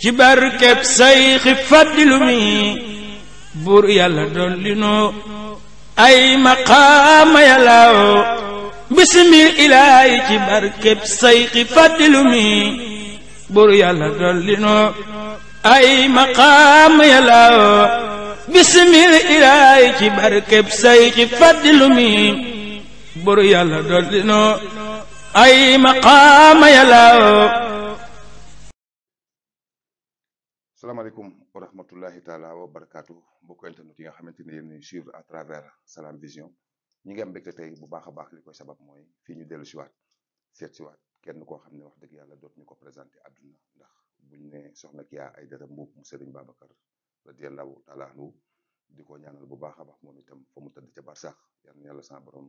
ci barkeb sayxi faddilu mi buur yàlla dolli noo ay maqaama yàllaaw bisimil ilaahi ci barkeb sayxi faddilu mi buur yàlla dolli noo ay maqaama yàllaaw salaamaaleykum wa rahmatullahi taala wa barakaatu mbokk internet yi nga xamante ne yéen ñuy suivre à travers Salam Vision ñi ngi am mbégte tey bu baax a baax li koy sabab mooy fi ñu dellu siwaat seet siwaat kenn koo xam ne wax dëgg yàlla dootuñu ko présenté àdduna ndax buñ ne soxna Kya Aidara Mboup mu Serigne Babacar radiyallahu taala anhu di ko ñaanal bu baax a baax moom itam fa mu tëdd ca barsax sax na yàlla sama borom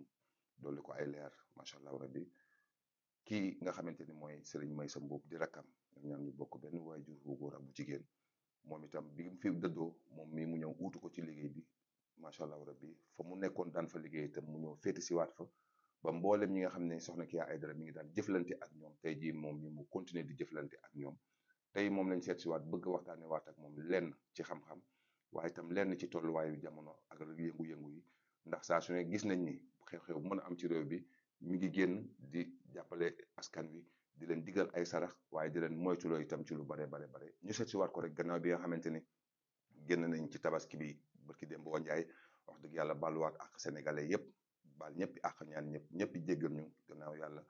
dolli ko ay leer macha allah rabbi ki nga xamante ni mooy Serigne Maysa Mboup di rakkam ñoom ñaar bokk benn waajur bu góor ak bu jigéen moom itam bi mu fi dëddoo moom mii mu ñëw uutu ko ci liggéey bi macha allah rabbi fa mu nekkoon daan fa liggéey itam mu ñëw féeti siwaat fa ba mboolem ñi nga xam ne soxna Kya Aidara mi ngi daan jëflante ak tey jii moom mi mu di jëflante ak ñoom tey moom lañ seet siwaat bëgg waxtaane waat ak moom lenn ci xam-xam waaye itam lenn ci tolluwaayu jamono ak yëngu-yëngu yi ndax saa su ne gis nañ ni xew-xew bu mën a am ci réew bi mi ngi génn di jàppale askan wi di leen digal ay sarax waaye di leen moytuloo itam ci lu bare bare bare ñu seet si waat ko rek gannaaw bi nga xamante ni génn nañ ci tabaski bi barki démb wanjaay wax dëgg yàlla baaluwaat ak sénégalais yëpp baal ñëpp ak ñaan ñëpp ñëpp jéggal ñu gannaaw yàlla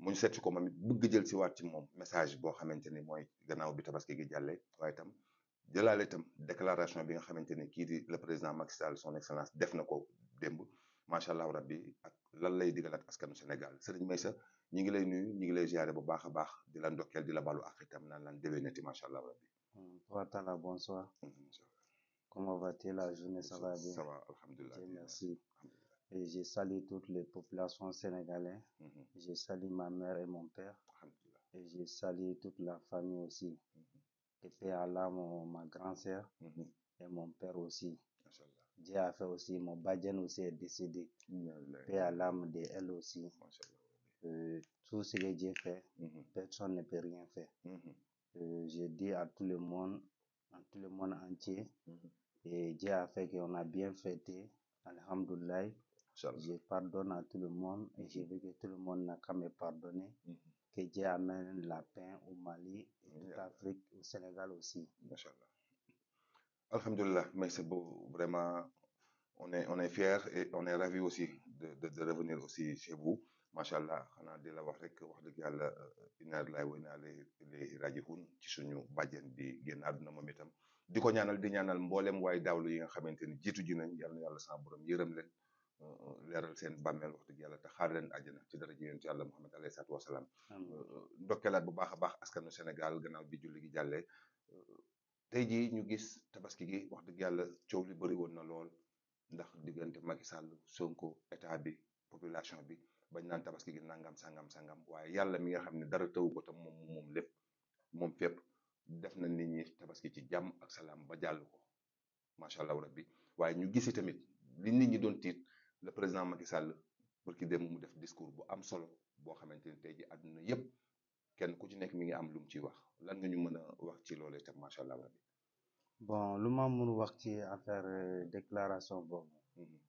mu ñu si ko moom it jël si waat ci moom message boo xamante ni mooy gannaaw bi tabaski gi jàllee waaye itam jëlaal itam déclaration bi nga xamante ni kii di le président Macky Sall son excellence def na ko démb macha allah rabbi ak lan lay digalaat askanu Sénégal Serigne Meissa ñi ngi lay nuyu ñi ngi bu baax a baax di la ndokkeel di la balu ak itam naan lan déwénati macha allah rabbi. Watala hmm, bonsoir. Hmm, Comment va la journée ça va bien. Ça va alhamdulilah merci. je salue toutes les populations sénégalaises. Hmm, je salue ma mère et mon père. Et je salue toute la famille aussi. Mm -hmm. Et ma grand-sœur mm mon père aussi. Dieu a aussi, mon aussi est décédé. Paix à de elle aussi. euh, tout ce que j'ai fait, mm-hmm. personne ne peut rien faire. Mm-hmm. Euh, je dis à tout le monde, entier, mm-hmm. et Dieu fait qu'on a bien fêté, Alhamdoulilah. Je pardonne à tout le monde et je veux que tout le monde n'a qu'à me pardonner. Que Dieu amène la paix au Mali et toute au Sénégal aussi. Inch'Allah. mais c'est beau, vraiment, on est, on et on est ravis aussi de revenir aussi chez vous. macha allah xanaa di la wax rek wax dëgg yàlla euh, inna lillahi wa inna ilayhi raji'un ci suñu bàjjen bi génn àdduna moom itam di ko ñaanal di ñaanal mboolem waaye daawlu yi nga xamante ni jiitu ji nañ yal yàlla sama borom yërëm leen euh, euh, leeral seen bàmmeel wax dëgg yàlla te xaar leen àjjana ci dara ji yonent yàlla Muhammad alayhi salaatu wa salaam. bu baax a baax askanu Sénégal gannaaw bi julli gi jàllee. tey jii ñu gis tabaski gi wax dëgg yàlla coow li bëri woon na lool ndax diggante Macky Sall Sonko état bi population bi. bañ naan tabaski gi nangam sangam sangam waaye yàlla mi nga xam ne dara taw ko tam moom moom lépp moom fépp def na nit ñi tabaski ci jàmm ak ba jàll ko macha allah waaye ñu gisi tamit li nit ñi doon tiit le président Macky pour barki dem mu def discours bu am solo boo xamante ni tey ji àdduna yépp kenn ku ci nekk mi ngi am lu mu ciy wax lan nga ñu mën a wax ci loolee tam macha allah rabbi bon lu mun wax ci affaire euh, déclaration boobu. Mm-hmm.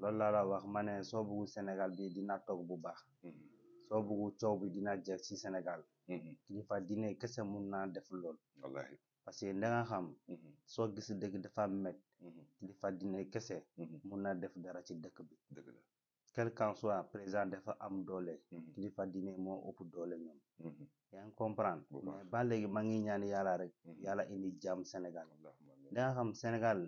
loolu laa wax ma ne soo bëggu Sénégal bi dina toog bu baax mm-hmm. soo bëggu coow dina jeex si Sénégal mm-hmm. kilifa diine kese mun naa def loolu wallaahi parce que da xam mm-hmm. soo gis dëkk dafa met kilifa diine kese mun na def dara ci dëkk bi dëgg la quel qu'en soit président dafa am doole kilifa dine mo ëpp doole ñoom yaa comprendre mais ba léegi ma ngi ñaan yàlla rek yàlla indi jàmm Sénégal da nga Sénégal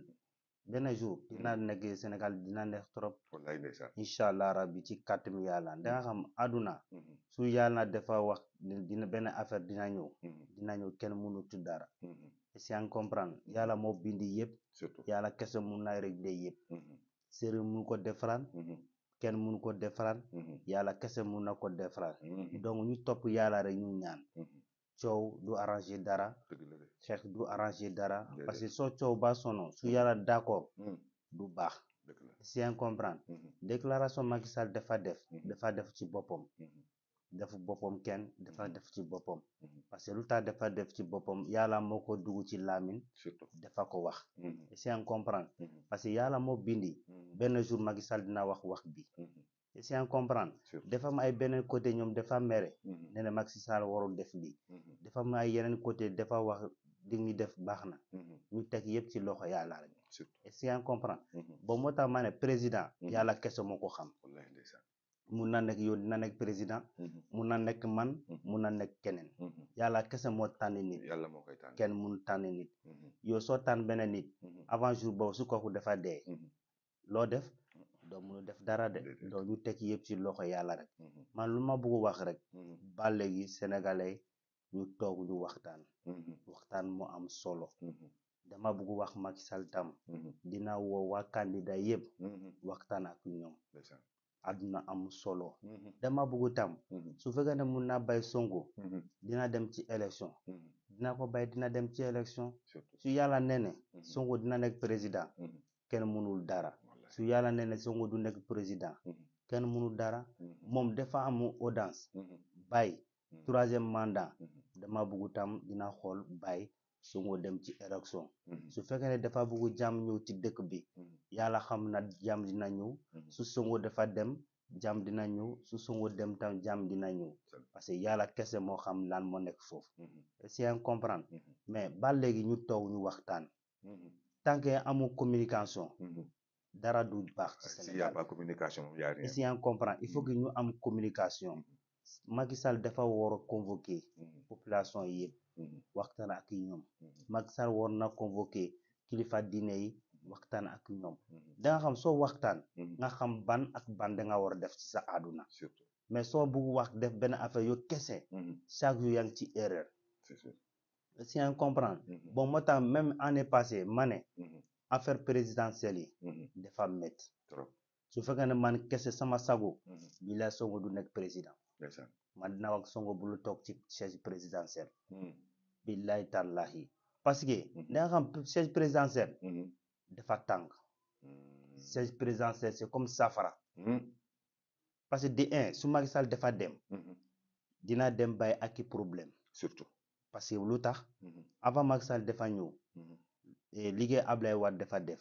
benn jour mm. dinaa nekk Sénégal dina neex trop. wallaay ndeysaan incha allah ci kàttan yàlla mm. da nga xam àdduna. Mm-hmm. su yàlla dafa wax dina benn affaire dina ñëw. Mm-hmm. dina ñëw kenn mënut dara. Mm-hmm. si en comprendre yàlla moo bindi yëpp. surtout yàlla kese mun na régler yëpp. ko defaraan. kenn mun ko defaraan. yàlla kese mun na ko defaraan. donc ñu topp yàlla rek ñu ñaan. coow du arranger dara. xeex du arranger dara. parce que soo coow ba sono su yàlla d'accord. Hmm. du baax. c'est incomprendre hmm. déclaration Macky Sall dafa def. Hmm. dafa def ci boppam. def boppam kenn dafa def ci boppam. parce que lu tax defa def ci boppam yàlla moo ko dugg ci laamin. surtout ko wax. c'est incomprendre parce que yàlla moo bindi. benn jour Macky dina wax wax bi. essayen comprendre dafa ay beneen côté ñoom dafa mere mhm. nee na si Sall warul def lii mhm. dafa ay yeneen côté dafa wax di ñu def baax na mhm. ñu teg yëpp ci loxo yàlla rek essayen comprendre ba moo tax maa président yàlla kese moo ko xam mun na nekk yow dina nekk président mun na nekk man mun na nekk keneen yàlla kese moo tànn nit yàlla kenn mun tànn nit yow soo tànn beneen nit avant jour boobu su kooku dafa dee loo def doo mun a def dara de doo ñu teg yëpp ci loxo yàlla rek mm-hmm. man lu ma bëgg wax rek mm-hmm. ba léegi sénégalais ñu toog ñu waxtaan mm-hmm. waxtaan mu am solo dama bëgg wax Macky Sall tam dina woo waa candidat yëpp waxtaan ak ñoom àdduna am solo dama bëgg tam su fekkee ne mun na bay Sonko dina dem ci élection dina ko bay dina dem ci élection su yàlla nee ne dina nekk président kenn mënul dara su yàlla nee na Sonko du nekk président mhm. ken mënu dara mhm. moom dafa amu audience mhm. bay troisième mandat dama bëgg tam dina xool bay Sonko dem ci élection su fekkee ne dafa bëgg jàmm ci dëkk bi yàlla xam na jàmm dina ñëw su Sonko dafa dem jàmm dina ñëw su Sonko dem tam jàmm dina ñëw parce que yàlla kese moo xam lan moo nekk foofu c'est un comprendre mais ba léegi ñu toog ñu waxtaan tant que communication dara du baax ci Sénégal s'il y a communication y a rien ñu am communication mm-hmm. Macky Sall dafa war a convoquer mm-hmm. population yi mm-hmm. waxtaan ak ñoom Macky Sall war na kilifa diine waxtaan ak ñoom da nga xam soo waxtaan nga xam ban ak ban danga nga war a def ci sa àdduna surtout mais soo bugg wax def benn affaire yo kese chaque jour yaa ci erreur si on comprend bon moo tax même année passée mane affaire présidentielle yi. Mhm. dafa métti. su fekkee ne man kese sama sago. Mhm. bii laa du nekk président. man dinaa wax Sonko bu lu toog ci siège présidentielle. Mhm. billahi tallahi parce que. da nga xam siège présidentielle. dafa tàng. c'est comme safara. parce que de un su Macky Sall dafa dem. dina dem bay ak i problème. surtout parce que lu tax. avant Macky Sall dafa liggéey Ablaye Wade dafa def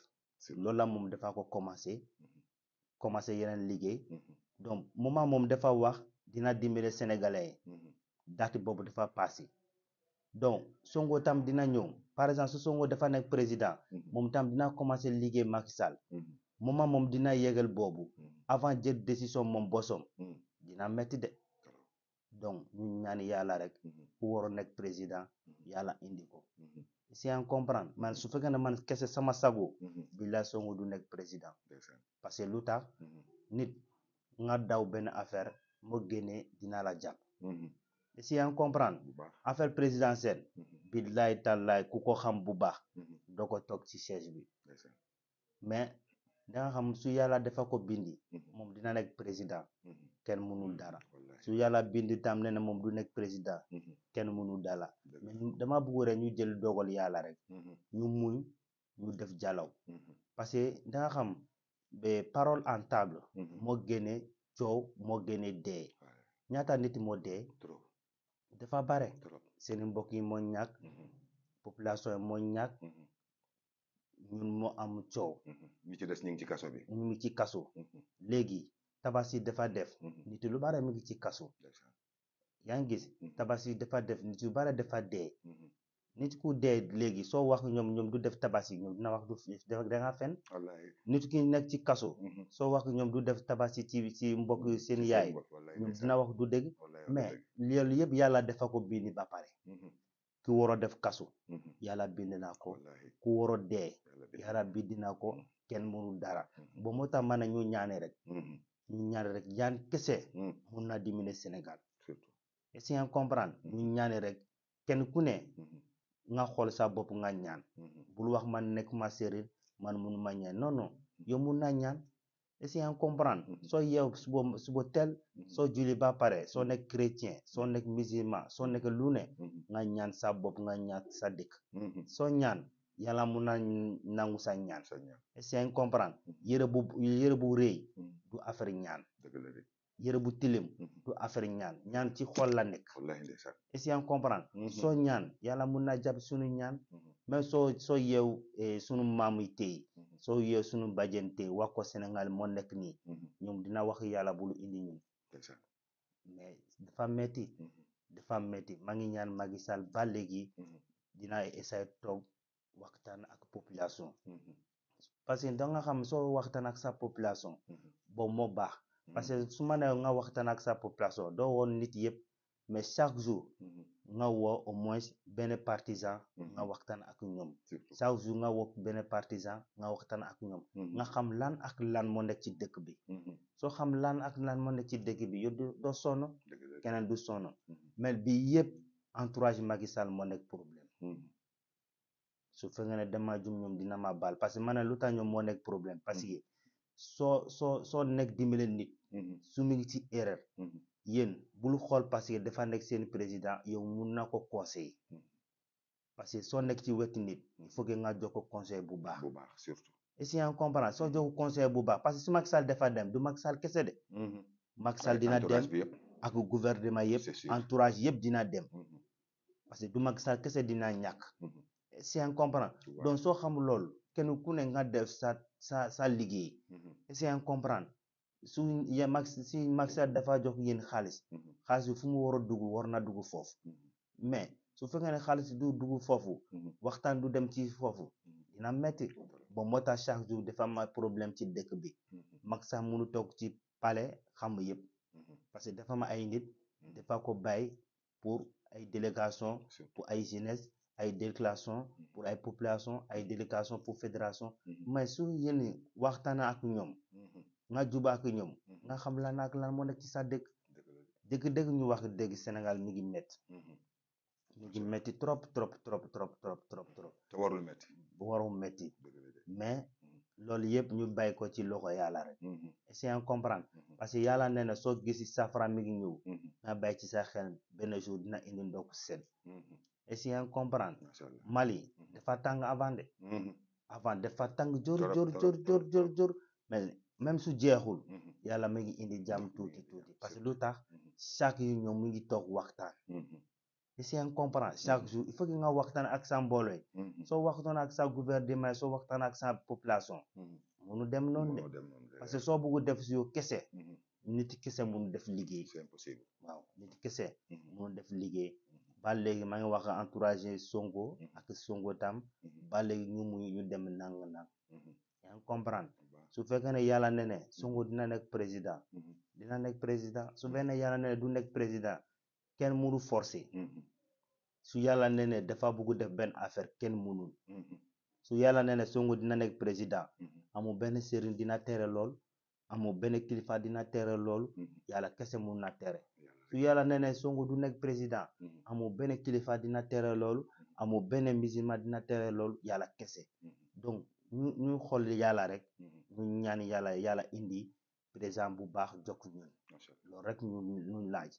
loolu la moom dafa ko commencé commencé yeneen liggéey mm-hmm. donc moment moom dafa wax dina dimbale sénégalais yi mm-hmm. date boobu dafa passé donc Sonko tam dina ñëw par exemple su Sonko dafa nekk président mm-hmm. moom tam dina commencé liggéey Macky Sall moment moom dina yégal boobu avant jël décision moom bosom dina metti de donc ñu ñaan yàlla rek ku waroon nekk président yàlla indi ko si en comprendre man su fekkee ne man kese sama sago. Mhm. billaay Sonko du nekk président. parce que lu tax mhm. nit nga daw benn affaire moo génnee dina la jàpp. Mhm. si en comprendre affaire présidentielle. billaay tallaay ku ko xam bu baax. doo ko toog ci siège bi. mais da nga su yàlla dafa ko bindi. moom dina nekk président. kenn mënul hmm, dara su yàlla bind tam ne na moom du nekk président hmm, hmm. kenn mënul dara dama bëgg rek ñu jël dogal yàlla rek ñu muñ ñu def jalaw parce que da xam parole en table moo génne coow moo génne dee ñaata nit moo dee dafa bare seen mbokk yi moo ñàkk population yi moo ñàkk ñun moo am coow ñu ci des ñu ci kaso bi ñu ci kaso léegi Tabaski dafa def. Mm-hmm. nit lu bare mi ngi ci kaso. yaa ngi gis mm-hmm. Tabaski dafa def nit yu bare dafa dee. Mm-hmm. nit ku dee léegi soo wax ñoom ñoom du def Tabaski ñoom dina wax du da nga fen. nit ki nekk ci kaso. soo wax ñoom du def Tabaski ci si mbokk seen yaay. ñoom dina wax du dégg mais loolu yëpp yàlla dafa ko bindi ba pare. ki war a def kaso. yàlla bind na ko. ku war a dee. yàlla bind na ko kenn mënu dara. ba moo tax mën na ñu ñaane rek. ñu ñaane rek ñaan kese. Hmm. mun naa diminuer Sénégal. surtout est-ce que comprendre. Hmm. ñu ñaane rek kenn ku ne. Hmm. nga xool sa bopp nga ñaan. bul wax man nekk ma séeréer man mun ma ñaan non non yow mun naa ñaan est-ce que comprendre. soo yeew suba suba teel. soo julli ba pare soo nekk chrétien soo nekk musulman soo nekk lu ne. nga ñaan sa bopp nga ñaan sa dëkk. soo ñaan. yàlla mun na nangu sa ñaan seen comprendre yëre bu yëre bu rëy mm-hmm. du affaire ñaan yëre bu tilim mm-hmm. du affaire ñaan ñaan ci xol la nekk seen comprendre mm-hmm. soo ñaan yàlla mun na jàpp suñu ñaan mais soo soo yeew eh, sunu maam yi tey soo yeew suñu bàjjen wako wax Sénégal moo nekk nii ñoom dina wax yàlla bulu indi ñun mais dafa metti dafa metti maa ngi ñaan Macky ba léegi dina essayé toog waxtaan ak population mm-hmm. parce que danga xam soo waxtaan ak sa population mm-hmm. boobu moo baax parce que mm-hmm. su ma nee nga waxtaan ak sa population doo woon nit yëpp mais chaque jour nga woo au moins benn partisan nga waxtaan ak ñoom chaque nga woo benn partisan nga waxtaan ak ñoom nga xam lan ak lan moo nekk ci dëkk bi soo xam lan ak lan moo nekk ci dëkk bi yow doo sonn keneen du sonn mais bi yëpp entourage Macky Sall moo nekk problème su fekkee ne dama jum ñoom dina ma baal parce que man lu tax ñoom moo nekk problème parce mm-hmm. que soo soo soo nekk dimbale nit mm-hmm. su mu ngi ci erreur mm-hmm. yéen bul xool parce que dafa nekk seen président yow mun na ko conseiller parce que soo nekk ci wetu nit il faut que nga jox ko conseil bu baax bu baax surtout et si en comprendre soo jox conseil bu baax parce que su Macky defa dafa dem du Macky Sall kese de Macky dina dem ak gouvernement yëpp entourage yëpp dina dem parce que du Macky Sall kese dina ñàkk si en comprend donc soo xamul loolu kenn ku ne nga def sa sa sa liggéey mm-hmm. si en comprendre su mag si mag dafa jox yéen xaalis mm-hmm. xaalis bi fu mu war a dugg war na dugg foofu mm-hmm. mais su fekkee ne xaalis du dugg foofu waxtaan du dem ci foofu dina metti bon moo tax chaque jour dafa am problème ci dëkk bi mag sax mënu toog ci pale xam yëpp parce que dafa ma ay nit dafa ko bàyyi pour ay délégation pour ay jeunesse ay délégation pour ay population ay délégation pour fédération mhm. mais su yéen waxtaana ak ñoom mhm. nga juba ak ñoom mhm. nga xam lan ak lan moo nekk ci sa dëkk dëgg-dëgg ñu wax dëgg Sénégal mi ngi métti mi ngi métti trop trop trop trop trop trop trop te warul métti warul métti mais loolu yëpp ñu bàyyi ko ci loxo yàlla rek essayer en comprendre parce que yàlla nee na soo gisi safara mi ngi ñëw nga bàyyi ci sa xel benn jour dina indi ndox sedd essayer en comprendre Mali dafa tàng avant de avant dafa tàng jor jor jor jor jor mais même su jeexul mm-hmm. yàlla mu ngi indi jàmm tuuti tuuti parce que lu tax mm-hmm. chaque yu ñoom mu ngi toog waxtaan mm-hmm. essayer en comprendre chaque jour il faut que nga waxtaan ak sa mbooloo yi soo waxtaan ak sa gouvernement soo waxtaan ak sa population u dem noonu de parce que soo bëgg def si yow kese nit kese munu def liggéey c'est impossible waaw kese munu def liggéey ba léegi maa ngi wax encouragé Sonko mm-hmm. ak songo tam mm-hmm. ba léegi ñu mu ñu dem nang nang mm-hmm. yaa comprendre su fekkee ne yàlla ne ne Sonko dina nekk président dina nekk président su fekkee ne yàlla ne ne du nekk président kenn mënu forcé su yàlla ne ne dafa bëgg def benn affaire kenn mënul su yàlla ne ne Sonko dina nekk président amul benn sëriñ dina tere lool amul benn kilifa dina tere lool yàlla kese mun na tere su yàlla nee ne Sonko du nekk président mm-hmm. amul benn kilifa dina tere loolu mm-hmm. amul benn musulman dina tere loolu yàlla kese mm-hmm. donc ñu ñu xool yàlla rek ñu ñaan yàlla yàlla indi président bu baax jokk ñun loolu rek ñu ñu laaj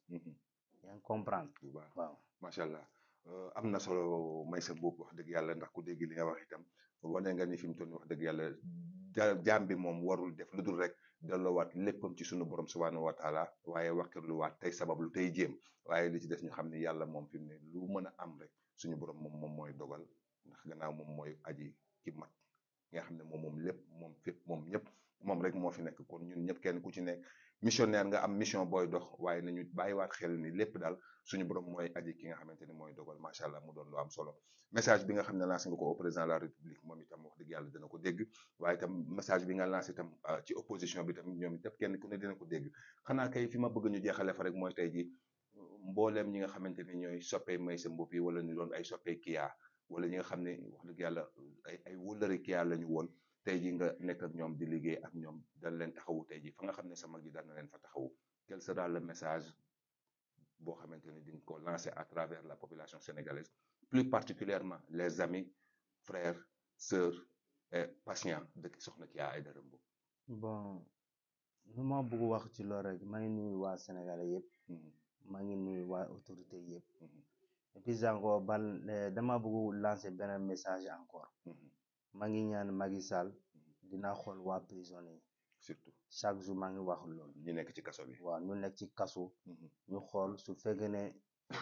yaa comprendre waaw macha allah euh, am na solo may sa bopp wax dëgg yàlla ndax ku dégg li nga wax itam wane nga ni fi mu toll wax dëgg yàlla jaam bi moom warul def lu dul rek delloowaat léppam ci suñu borom subhaanahu wa taala waaye wàkkirluwaat tey sabab lu tey jéem waaye li ci des ñu xam ne yàlla moom fi ne lu mën a am rek suñu borom moom moom mooy dogal ndax gannaaw moom mooy aji ci mat nga xam ne moom moom lépp moom fépp moom ñëpp moom rek moo fi nekk kon ñun ñëpp kenn ku ci nekk missionnaire nga am mission booy dox waaye nañu bàyyiwaat xel ni lépp daal suñu borom mooy aji ki nga xamante ni mooy dogal macha allah mu doon lu am solo message bi nga xam ne lancé nga ko au président de la république moom itam wax dëgg ko dégg waaye itam message bi nga lancé itam euh, ci opposition bi tam ñoom itam kenn ku ne dina ko dégg xanaa kay fi ma bëgg ñu jeexale fa rek mooy tey ji mbooleem ñi nga xamante ni ñooy soppee may sa mbubb yi wala ñu doon ay soppee kiyaa wala ñi nga xam ne wax dëgg yàlla ay ay wëllëri kiyaa la ñu woon tey ji nga nekk ñoom di liggéey ak ñoom dal leen taxawu tey ji fa nga xam ne sa mag yi daan na leen fa taxawu quel sera le message boo xamante ni di ko lancé à travers la population sénégalaise plus particulièrement les amis frères sœurs et patients dëkk soxna Kya Aïdara Mboup bon lu ma bëgg wax ci loolu rek maa ngi nuyu waa sénégalais yëpp mhm. maa ngi nuyu waa autorité yëpp mhm. et puis encore bal eh, dama bëgg lancer benn message encore mhm. ma ngi ñaan Macky Sall dinaa xool waa prison yi. surtout chaque jour maa ngi wax lool ñu nekk ci kaso bi. waaw ñu nekk ci kaso. Mhm. ñu xool su fekkee ne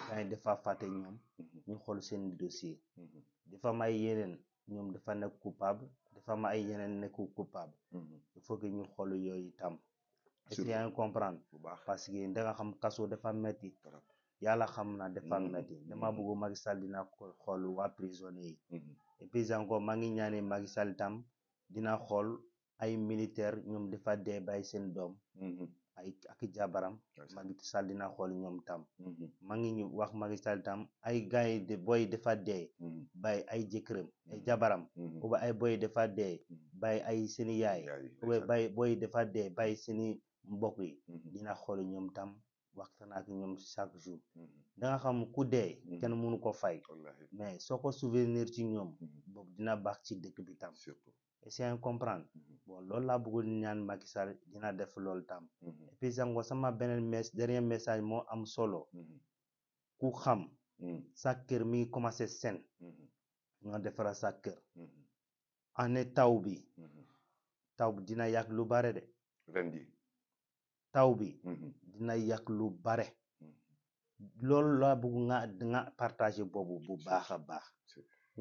daañu dafa fàtte ñoom. Mhm. ñu xool seen dossier. Mhm. dafa may ay yeneen ñoom dafa nekk coupable dafa am ay yeneen nekku coupable. il faut que ñu xool yooyu itam est-ce que ngi comprendre. bu baax parce que da nga xam kaso dafa metti yàlla xam na dafa metti dama bëgg Macky Sall dina ko xool waa prison yi. et encore maa ngi ñaanee Macky Sall dina xool ay militaire ñoom dafa dee bàyyi seen doom mm-hmm. ay ak jabaram Macky Sall dina xool ñoom tam mm-hmm. maa ngi ñu wax Macky Sall ay gars yi de booy dafa dee mm-hmm. bàyyi ay jëkkëram ay jabaram oba ay booy dafa dee bàyyi ay seeni yaay oba bàyyi booy dafa dee bàyyi seeni mbokk yi dina xool ñoom tam waxtaan ak ñoom chaque jour danga xam ku dee hmm. kenn mënu ko fay mais soo ko souvenir ci ñoom hmm. boobu dina baax ci dëkk bi tam surtout essayer comprendre hmm. bon loolu laa bëggoon ñaan Macky Sall dina def loolu tam et sango sama beneen mes dernier message moo am solo ku xam sa kër mi ngi commencé sen nga defara sa kër année taw bi bi dina yàq lu bare de taw bi dina yàq lu loolu laa bëgg nga nga partagé boobu bu baax a baax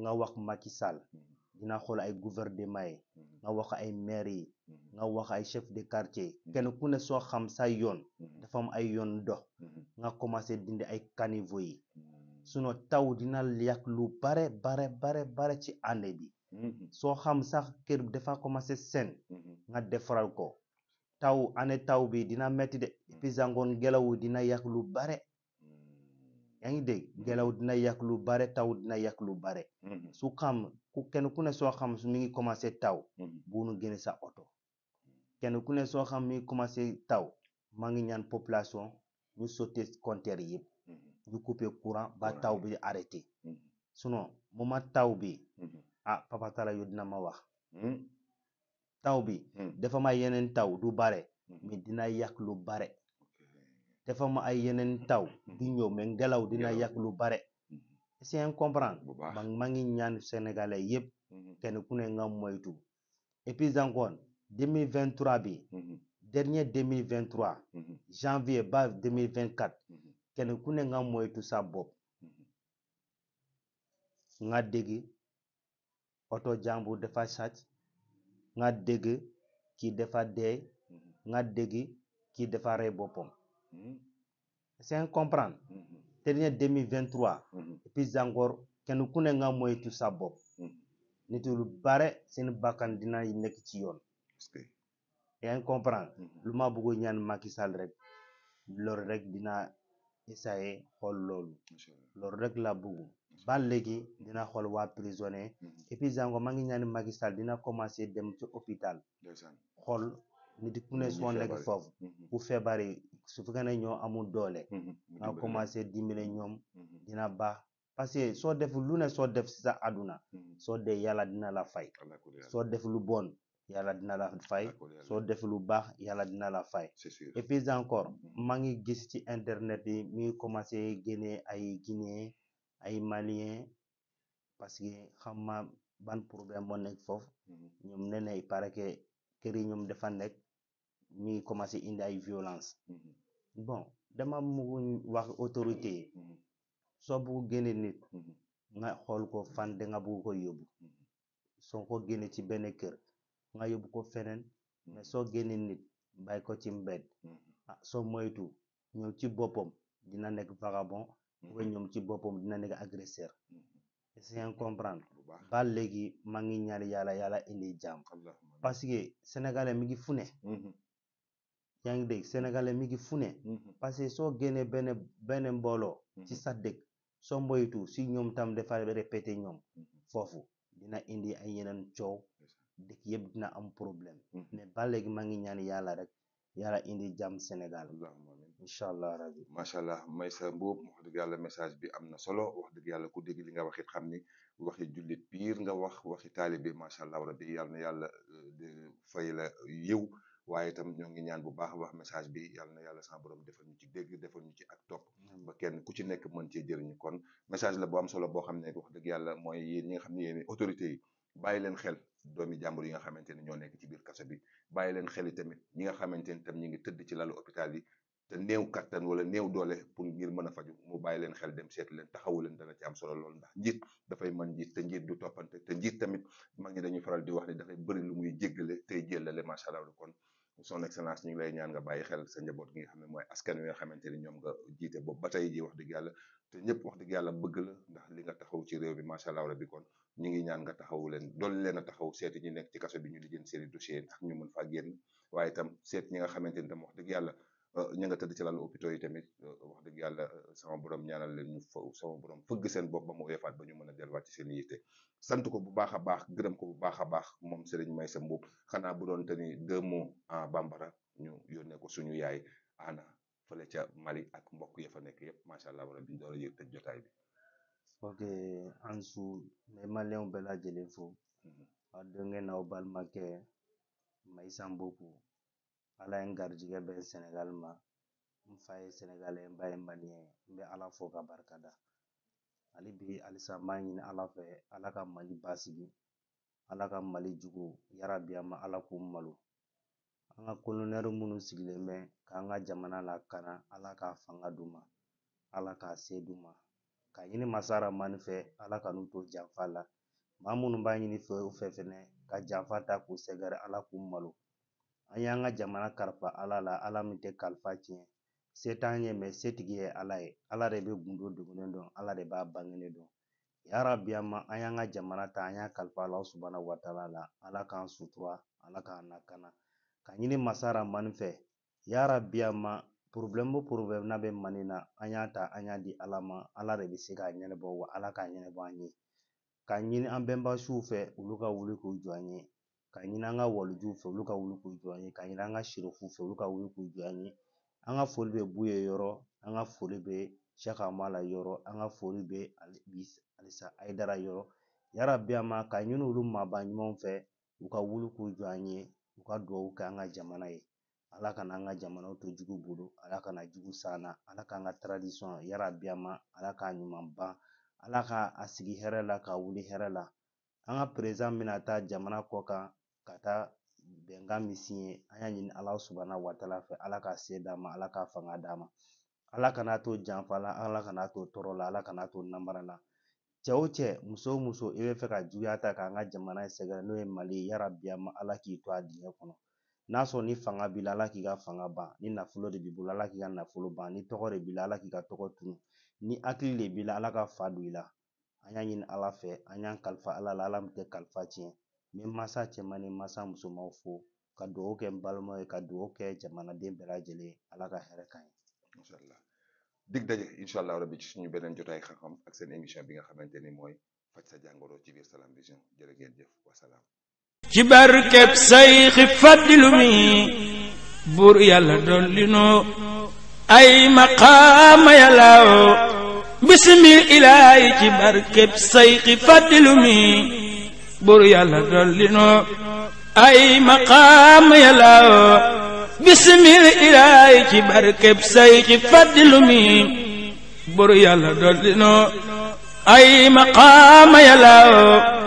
nga wax Macky Sall mm-hmm. dina xool ay gouvernement yi mm-hmm. nga wax ay maire yi mm-hmm. nga wax ay chef de quartier kenn ku ne soo xam sa yoon dafa am ay yoon dox nga commencé dindi ay kanivo yi sinon taw dina yàq lu bare bare bare bare ci année bi soo xam sax kër defa commencé seen nga defaral ko taw année taw bi dina metti de pisangoon ngelaw dina yàq lu bare yaa ngi dégg ngelaw mm-hmm. dina yàq lu bare taw dina yàq lu bare. Mm-hmm. su xam ku kenn ku ne soo xam su mi ngi commencé taw. Mm-hmm. bu nu génne sa oto. kenn ku ne soo xam mi ngi commencé taw maa ngi ñaan population ñu sauté compteur yëpp. ñu coupé courant ba taw bi arrêté. sinon moment taw bi. ah papa Talla yow dina ma wax. taw bi. dafa ma yeneen taw du bare. mais dina yàq lu bare. dafa ma ay yeneen taw du ñëw mais ngelaw dina yàq lu bare c'est mm-hmm. comprendre mm-hmm. man maa ngi ñaan sénégalais yëpp mm-hmm. kenn ku ne nga moytu et puis encore deux mille vingt trois bi dernier deux mille vingt trois janvier ba deux mille vingt kenn ku ne nga moytu sa bopp nga dégg oto jàmbur dafa sàcc nga dégg kii dafa dee nga dégg kii dafa rey boppam Hmm. c'est comprendre hmm, hmm. dernier 2023 puis encore kenn ku ne nga moytu sa bopp nit lu bare seen bakkan dina nekk ci yoon yaa ngi comprendre lu ma bëgg ñaan Macky Sall rek loolu rek dina essayer xool loolu loolu rek la bëgg ba léegi dina xool waa prisonnier et puis encore maa ngi ñaan Macky Sall dina commencer dem ci hôpital xool nit ku ne soo nekk foofu mhm. bu feebar yi su fekkee ne ñoo amul doole mhm. nga commencé dimbale ñoom mhm. dina baax parce que soo def lu ne soo def si sa àdduna soo dee yàlla dina la fay soo def lu bon yàlla dina la fay soo def lu baax yàlla dina la fay et encore maa ngi gis ci internet yi mi commencé génne ay guinéen ay malien parce que xam ban problème mo nekk foofu ñoom nee na il que kër yi ñoom dafa nekk ñuy commencé indi ay violence mm-hmm. bon dama muguñ wax autorité yi mm-hmm. soo bugg génne nit mm-hmm. nga xool ko fan danga bugg ko yóbbu soo ko génne ci benn kër nga yóbbu ko feneen mais soo génne nit bàyyi ko ci mbedd ah, soo moytu ñoom ci boppam dina nekk vagabond wala ñoom ci boppam dina nekk agresseur essayen comprendre ba léegi maa ngi ñaan yàlla yàlla indi jàmm parce que sénégalais mi ngi yaa ngi dégg sénégalais mi gi fu ne mhm. parce que soo génnee benn benn mbooloo mhm. ci sa dëkk soo mboytu si ñoom tam dafa répété ñoom mhm. foofu dina indi ay yeneen coow dëkk yëpp dina am problème mais ba léegi maa ngi ñaan yàlla rek yàlla indi jàmm Sénégal allahumma amin incha allah macha allah Maïssa Mboup wax yàlla message bi am na solo wax dëgg yàlla ku dégg li nga waxit xam ni waxi jullit piir nga wax waxi taalibe macha allah rabbi yàlla na yàlla euh, fay la yiw waaye itam ñoo ngi ñaan bu baax a baax message bi yàlla na yàlla sama borom defal ñu ci dégg defal ñu ci ak topp ba kenn ku ci nekk mën cee jëriñu kon message la bu am solo boo xam ne wax dëgg yàlla mooy yéen ñi nga xam autorité yi bàyyi leen xel doomi jàmbur yi nga xamante ne ñoo nekk ci biir kaso bi bàyyi leen xel yi tamit ñi nga xamante ni tam ñi ngi tëdd ci lalu hôpital yi te néew kattan wala néew doole pour ngir mën a faju mu bàyyi leen xel dem seet leen taxawu leen dana ci am solo lool ndax njiit dafay mën njiit te njiit du toppante te njiit tamit mag ñi dañuy faral di wax ni dafay bëri lu muy jéggale tey jéllale macha allah kon son excellence ñu ngi ñaan nga bàyyi xel sa njaboot nga xam ne mooy askan wi nga xamante ni ñoom nga jiite boobu ba tey ji wax dëgg yàlla te ñëpp wax dëgg yàlla bëgg la ndax li nga taxaw ci réew mi macha allah bi kon ñu ngi ñaan nga taxaw leen dool leen a taxaw seeti ñi nekk ci kaso bi ñu lijjën seen i dossier ndax ñu mën faa waaye itam seet ñi nga xamante ni tam wax dëgg yàlla Euh, ña nga tëdd ci lalu hôpitaux yi tamit euh, wax dëgg yàlla euh, sama borom ñaanal leen ñu fa sama borom fëgg seen bopp ba mu ba ñu mën a delluwaat ci seen yitte sant ko bu baax a baax gërëm ko bu baax a baax moom Serigne Maysa Mboup xanaa bu doon te ni deux bambara ñu yónnee ko suñu yaay ana fële ca ak mbokk ya fa nekk yëpp macha allah rabbi door a yëg tëj jotaay bi. ok Ansu mais Malien bɛɛ lajɛlen fo. a denkɛ n'aw balimakɛ Ala ye n garijɛgɛ bɛn ma n ye sénégalais ye n Ala fo k'a barikada hali bi halisa ɲini Ala fɛ Ala ka Mali basigi Ala ka Mali jugu yarabi Ala k'u malo an minnu sigilen bɛ k'an ka jamana lakana Ala k'a fanga d'u Ala k'a se d'u k'a ɲini masa rahamani fɛ Ala ka to janfa la maa minnu b'a ɲini fɛ u fɛ ka janfa ta k'u Ala k'u An y'an ka jamana kalifa Ala la Ala min tɛ kalifa tiɲɛ se t'an ye se Ala ye Ala de bɛ gundo dogolen dɔn Ala de b'a bangenen dɔn yarabi an y'an ka jamana ta an y'a kalifa Alahu subahana wataala la Ala k'an sutura Ala k'an lakana ka ɲini masa rahamani fɛ yarabi o n'a bɛ Mali la an y'a ta an y'a di Ala ma Ala de bɛ se k'a ɲɛnabɔ Ala k'a ɲɛnabɔ an k'a ɲini an bɛnbasuw fɛ olu ka wuli k'u jɔ an ka ɲini an ka fɛ olu ka wuli k'u jɔ an ye ka ɲini an ka fɛ olu ka wuli k'u jɔ an ye an foli bɛ Buye yɔrɔ an foli bɛ Sɛki yɔrɔ an foli bɛ Alisa Ayidara yɔrɔ yarabi an ka ɲini olu maaba ɲumanw fɛ u ka wuli k'u jɔ an ye u ka duwawu kɛ an jamana ye Ala kana an jamanaw to jugu bolo Ala kana jugu s'an Ala k'an ka tradition yarabi an Ala k'a ɲuman Ala ka a sigi hɛrɛ la k'a wuli hɛrɛ la an ka président jamana kɔ kan ka taa bɛnkan ye an y'a ɲini ala subana waatala fɛ ala k'a se d'an ala k'a fanga d'an ala kana to janfa ala kana to tɔɔrɔ ala kana to namara la o cɛ muso o muso i bɛ fɛ ka juguya ta k'an ka jamana in sɛgɛrɛ n'o ye mali ye yarabi an ala k'i to a dingɛ kɔnɔ n'a sɔrɔ ni fanga b'i ala k'i ka fanga ban ni nafolo de b'i bolo ala k'i ka nafolo ban ni tɔgɔ de b'i ala k'i ka tɔgɔ tunu ni hakili de b'i ala ka fa don i la an y'a ɲini ala fɛ an y'an kalifa mi bɛ mansa cɛman ni mansa musomanw fo ka dugawu kɛ n balimaw ye ka dugawu kɛ jamanaden bɛɛ lajɛlen Ala ka hɛrɛ daje inshallah rabbi ci suñu beneen jotaay xam-xam ak seen émission bi nga xamante ni mooy faj sa jàngoro ci biir Salam Vision jërë ngeen jëf wasalaam ci barkeb Sayxi yàlla dolli noo ay maqaama yàlla bismil ilaahi ci barkeb Sayxi Fadilu mi buru yàlla dolli noo ay maqaam yàlla woo bismil ilaay barkeb say ci faddilu mi buru yàlla dolli noo ay maqaam yàlla woo